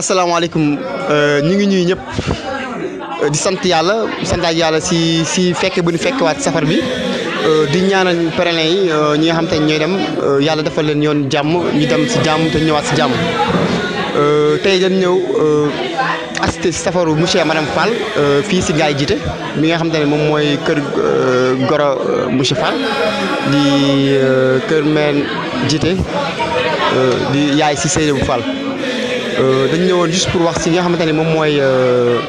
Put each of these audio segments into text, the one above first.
asalaamaaleykum euh, ñu ngi ñuy ñëpp euh, di sant yàlla santaat yàlla si si fekke bu ñu fekkewaat safar bi euh, di ñaanal pèlerins yi ñi nga xam te ñooy dem yàlla defal leen yoon jàmm ñu dem si jàmm te ñëwaat si jàmm tey dañ ñëw assisté si safaru monsieur madame Fall fii si gaay jiite mi nga xam te ne moom mooy kër goro monsieur Fall di kër meen jiite di yaay si Seynabou Fall Euh, dañu ñëwoon juste pour wax si nga xamante ni moom mooy euh,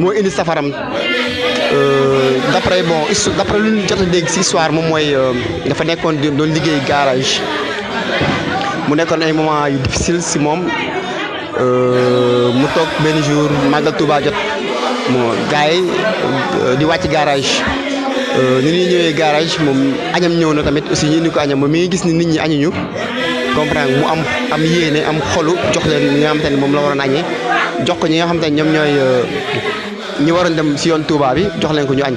moo indi safaram euh, d'après bon d'après lu jot a dégg si histoire moom mooy dafa nekkoon doon liggéey garage mu nekkoon ay moment yu difficile si moom mu toog benn jour màggal Touba jot moo gars yi di wàcc garage nu ñuy ñëwee garage moom añam ñëw na tamit aussi ñu indi ko añam moom mi gis ni nit ñi añuñu comprendre mu am am yéene am xolu jox leen ñi nga xamante ne moom la war a naññee jox ko ñi nga xamante ne ñoom ñooy euh, ñi waroon dem si yoon Touba bi jox leen ko ñu añ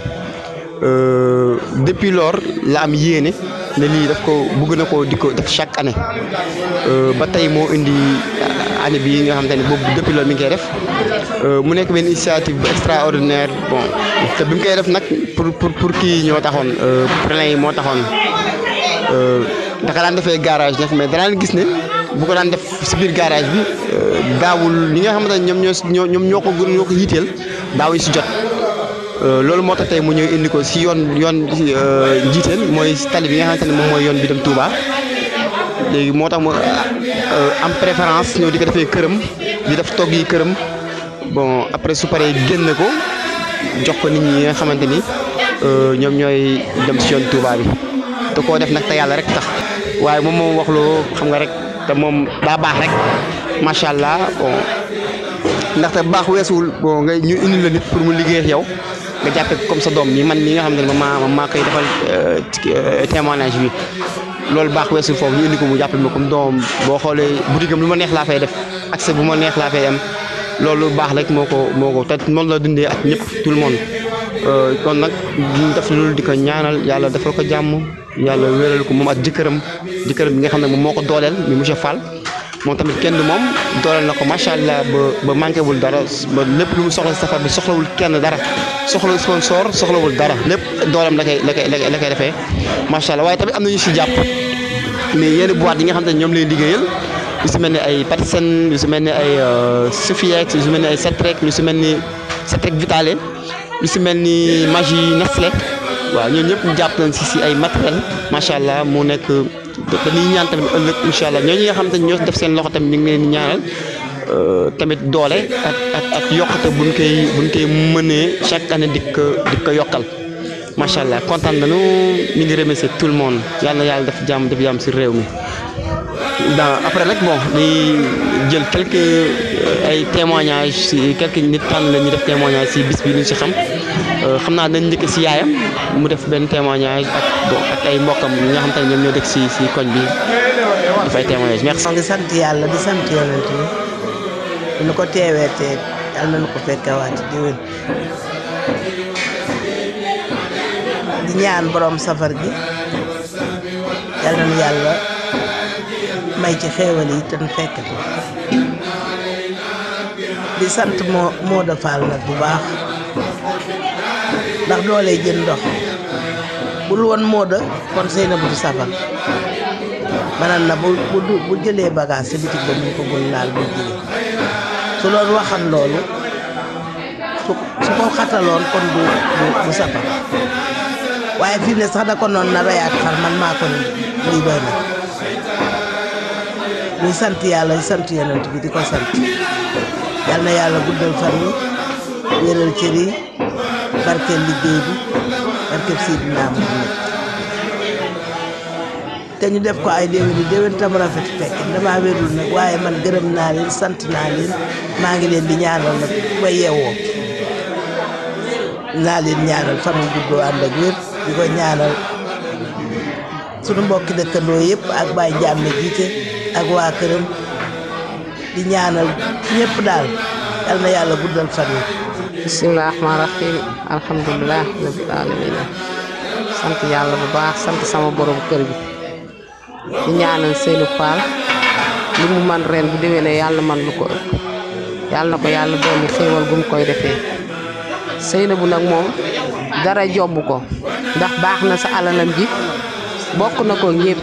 euh, depuis lors la am yéene ne lii daf ko bëgg na ko di ko def chaque année euh, ba tey moo indi année bii nga xamante ne boobu depuis loolu mi ngi koy def mu nekk benn initiative bu extraordinaire bon te bi mu koy def nag pour pour pour kii ñoo taxoon pèlerins moo taxoon. ndaxa daan defee garage def mais danaa gis ne bu ko daan def si biir garage bi baawul euh, ñi nga xamante ne ñoom ñoo ñoom ñoo ko ñoo ko yitteel daawuñ si jot. Euh, loolu moo tax tey mu ñëw indi ko si yoon yoon euh, njiiteen mooy tali bi nga xamante ne moom mooy yoon bi dem Touba léegi moo tax mu am préférence ñëw di ko këram di def togg yi këram bon après su paree génn ko jox ko nit ñi nga xamante ni ñoom ñooy dem si yoon Touba bi te koo def nag te yàlla rek tax. waaye moom moom wax loo xam nga rek te moom daa baax rek macha allah bon ndaxte baax weesuwul boo nga ñu indil nit pour mu liggéey ak yow nga jàppee comme sa doom nii man mii nga xam ne ma maa maa koy defal euh, témoignage bi loolu baax weesul foofu ñu indi ko mu jàppee ma comme doom boo xoolee bu am lu ma neex laa fay def accès bu ma neex laa fay am loolu baax rek moo ko moo ko te noonu la dundee ak ñëpp tout le monde euh, kon nag ñu loolu di ko ñaanal yàlla dafa ko jàmm. yàlla wéral ko moom ak jëkkëram jëkkëram bi nga xam ne moom moo ko dooleel mi monsieur Fall moom tamit kenn du moom dooleel na ko macha allah ba ba manqué wul dara ba lépp lu mu soxla si safar bi soxlawul kenn dara soxlawul sponsor soxlawul dara lépp dooleem la koy la koy la koy defee macha allah waaye tamit am na ñu si jàpp mais yenn boîte yi nga xam ne ñoom lay liggéeyal. lu si mel ni ay Patisen lu si mel ni ay Sufiex lu si mel ni ay Setrec lu si mel ni Setrec Vitale lu si mel ni Maggi Nestlé waaw ñoo ñëpp jàpp nañ si si ay matériel macha allah mu nekk dañuy ñaan tamit ëllëg incha allah ñooñu nga xam te ñoo def seen loxo tamit ñu ngi leen di ñaanal euh, tamit doole ak ak ak yokkute buñ koy buñ koy mënee chaque année di ko di ko yokkal macha allah kontaan nañu ñu ngi remercier tout le monde yàlla yàlla def jàmm def jàmm si réew mi. dans après rek bon di jël quelques euh, ay témoignages si quelques nit tànn la ñu def témoignage si bis bi ñu si xam euh, xam naa dañ njëkk si yaayam mu def benn témoignage ak ay mbokkam ñi nga xam te ne ñoom ñoo dëkk si si koñ bi def ay témoignage merci. di sant yàlla di sant yonent bi nu ko teewee tee ko fekkewaati déwén di ñaan borom safar gi yàlla nañu yàlla. may ci xeewal yi te fekk ko di sant moo moo defaal nag bu baax ndax doole jën ndox bul woon Mooda kon sëy na bu du safar manan na bu bu jëlee bagage sa bitig ba mun ko bul laal bu jigéen su doon waxan loolu su su ko xataloon kon du safar waaye fii ne sax da ko noon na reyaat xar man maa ko nii doy na muy sant yàlla sant yonent bi di ko sant yal na yàlla guddal fan wéral cër barkeel liggéey bi barkeel Seydina Muhammad te ñu def ko ay déwéni déwén tam rafet fekk damaa wérul nag waaye man gërëm naa leen sant naa leen maa ngi leen di ñaanal nag ba yeewoo naa leen ñaanal fan wu gudd ànd ak wér di ko ñaanal sunu mbokki dëkkandoo yëpp ak baay jàmme jiite ak wa kërëm di ñaanal ñepp daal yalla na yalla guddal fami yi bismillah rahman rahim alhamdulilah rabbil alamin sant yalla bu baax sant sama borom kër bi di ñaanal seenu faal li mu man ren bu déwénee yalla man lu ko ëpp yàlla na ko yàlla doon xéewal gum koy defee seyna bu nak mom dara jombu ko ndax baxna sa alalam ji bokku nako ñepp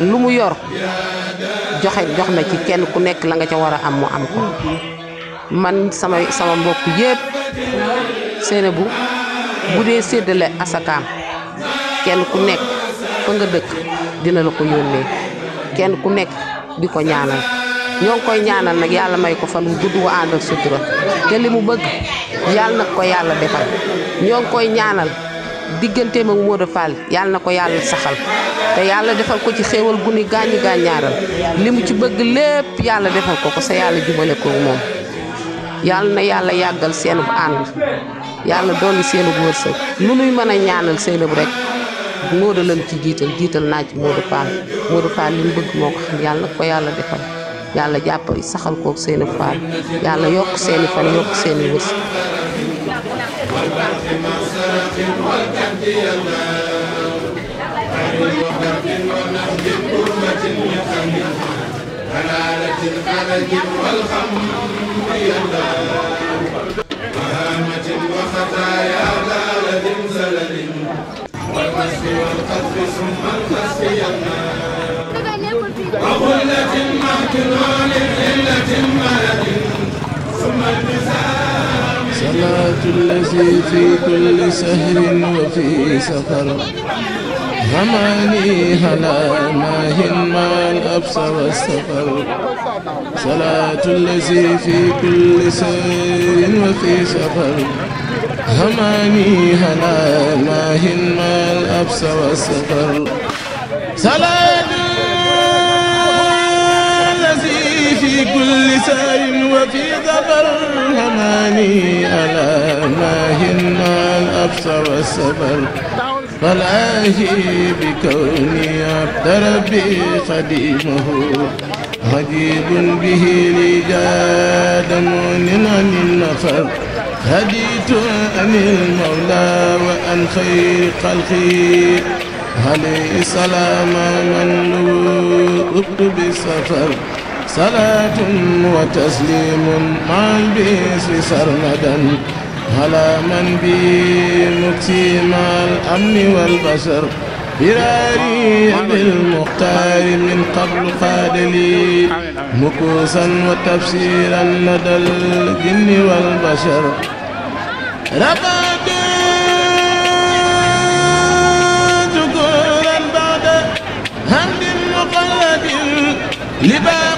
lu mu yor joxe jox na ci kenn ku nekk la nga ca war a am mu am ko man sama sama mbokk yëpp seene bu bu dee séddale asakaam kenn ku nekk fa nga dëkk dina la ko yónnee kenn ku nekk di ko ñaanal ñoo koy ñaanal nag yàlla may ko fan wu gudd wu ànd ak sutura te li mu bëgg yàlla nag ko yàlla defal ñoo koy ñaanal digganteem ak Modou Fall yàlla na ko yàlla saxal te yàlla defal ko ci xéewal gu ni gaañu gaañaaral li mu ci bëgg lépp yàlla defal ko ko sa yàlla jubale ko moom yàlla na yàlla yàggal seenub ànd yàlla dolli seenub wërsëg lu nuy mën a ñaanal seenub rek Modou lan ci jiital jiital naa ci li mu bëgg moo ko xam yàlla na ko yàlla defal yàlla jàpp saxal koog seeni faal yàlla yokk seeni fan yokk seeni wërsëg ينام خير وبرد ونهج كرمة يخم هلالة الخلج والخم ينام وخطايا دالة زلل والقصف والقذف ثم القصف ينام وغلة مع كنون علة ملد ثم النزاع الصلاة التي في كل سهر وفي سفر غماني هلا ما هم الابصر والسفر صلاة الذي في كل سهر وفي سفر هماني هلا ما هم الابصر والسفر صلاة الذي في كل سهر وفي ذبر هماني ألا هن الأبصر والسبر فالآهي بكوني عبد ربي قديمه عجيب به لي جاد عن النفر هديت عن المولى وأن خير خلقي عليه السلام من لو بسفر صلاة وتسليم مع البيس سرمدا على من بنكسي مع الأمن والبشر براري بالمختار من قبل قادلي مكوسا وتفسيرا لدى الجن والبشر ربادي ذكورا بعد همد مقلد لباس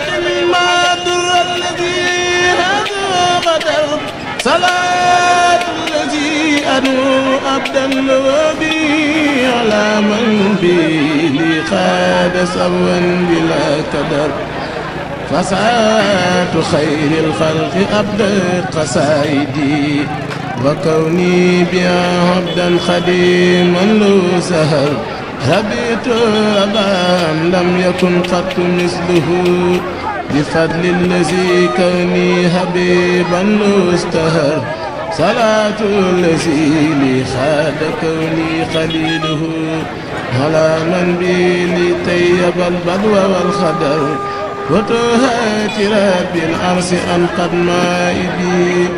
أبدا وبي على من بي لي خاد سرا بلا قدر فساعة خير الخلق أبدت قصائدي وكوني بيا عبدا خديما له سهر هبيت أبام لم يكن قط مثله بفضل الذي كوني حبيبا له استهر صلاة الذي لي خاد كوني خليله على من بي لطيب البدو والخدر وتهات رب العرس أنقذ مائدي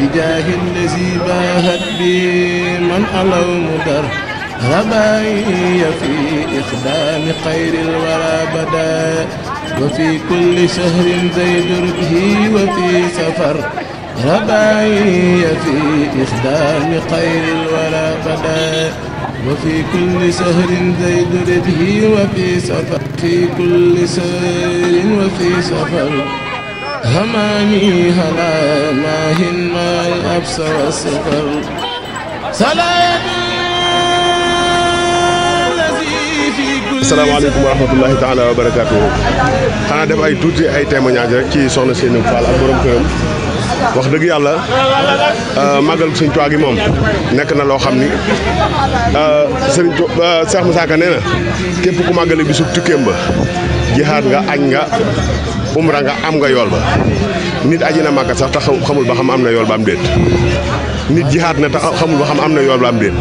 بجاه الذي باهت بي من ألو مدر رباي في إخدام خير الورى بدا وفي كل شهر زيد به وفي سفر ربعي في إخدام خير الورى بدا وفي كل سهر زيد رده وفي سفر في كل سهر وفي سفر همامي هلا ماهن ما الأبس والسفر صلاة asalaamaaleykum wa rahmatullahi taala wa barakaatu xanaa def ay tuuti ay témoignage rek ci soxna Seynabou Fall ak borom këram wax dëgg yàlla euh, màggal Sëriñ Tuubaa gi moom nekk na loo xam ni euh, Sëriñ Tuubaa Seex mu Ka nee na képp ku màggale bi sub tukkeem ba jihaat nga añ nga umra nga am nga yool ba nit aji na màkka sax tax xamul ba xam am na yool ba am déet nit jihaat na tax xamul ba xam am na yool ba am déet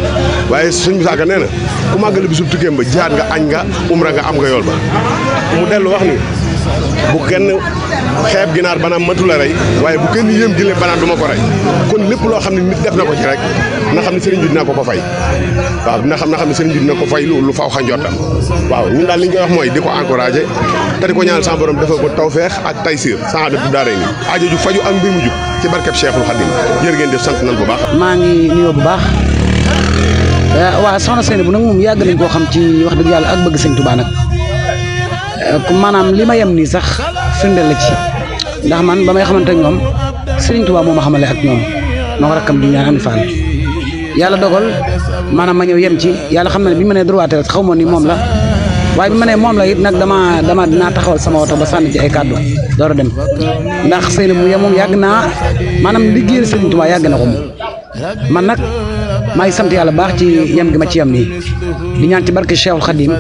waaye Sëriñ Musaa Ka nee na ku màggale bisu tukkeem ba jihaat nga añ nga umra nga am nga yool ba mu dellu wax ni bu kenn xeeb ginaar banaam mëntu la rey waaye bu kenn yéem jëlee banaam du ma ko rey kon lépp loo xam ne nit def na ko ci rek na xam ne sëriñ bi dina ko ko fay waaw na xam na xam ne sëriñ bi dina ko fay lu lu faw xa waaw ñun daal li nga wax mooy di ko encouragé te di ko ñaanal sama borom dafa ko tawfeex ak taysiir san dëddu daara ni aajo ju faju am mbir mu jub ci barkeb Cheikhul Khadim jërë ngeen def sant nan bu baax maa ngi nuyoo bu baax eh, waa soxna Seynabou bu moom yàgg nañ koo xam ci wax dëgg yàlla ak bëgg sëñ Tuubaa maanaam li ma yem nii sax firndeel la ci ndax man ba may xamante ñoom Serigne Touba moo ma xamale ak ñoom ma ko rakkam di ñaan am faal yàlla dogal maanaam ma ñëw yem ci yàlla xam na ne bi ma nee droit rek xaw ma ni moom la waaye bi ma moom la it nag dama dama dinaa taxawal sama oto ba sànni ci ay kàddu door a dem ndax Seydou mu moom yàgg naa maanaam liggéeyal Serigne yàgg na ko moom man nag maa ngi sant yàlla baax ci yem gi ma ci yam nii di ñaan ci barke Cheikhul Khadim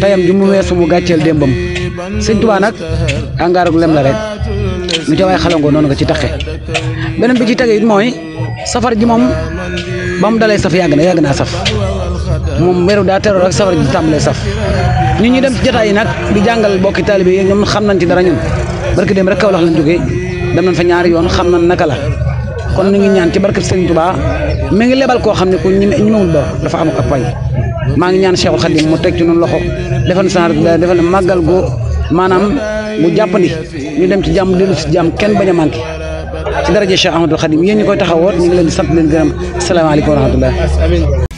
tayam ju mu weesu mu gàcceel démbam sëñ Tuubaa nag angaarug lem la rek nu ca waay noonu nga ci taxe beneen bi ci tege it mooy safar ji moom ba mu dalay saf yàgg na yàgg naa saf moom meru daa teroo rek safar ji tàmbalee saf ñu ñuy dem ci yi nag di jàngal bokki taalibe yi ñoom xam nañ ci dara ñun barke dem rek kaw lax lañ jógee dem fa ñaari yoon xam nañ naka la kon ñu ngi ñaan ci barke Sëriñ Tuubaa mi ngi lebal koo xam ne ku ñi ñi am ak maa ngi ñaan Cheikhul Khadim mu teg ci noonu loxo defal sànq defal màggal gu maanaam mu jàppandi ñu dem ci jàmm dellu si jàmm kenn bañ a manqué ci daraja Cheikh Ahmadou Khadim yéen ñi koy taxawoot ñu ngi leen di sant leen gërëm salaamaaleykum wa rahmatullah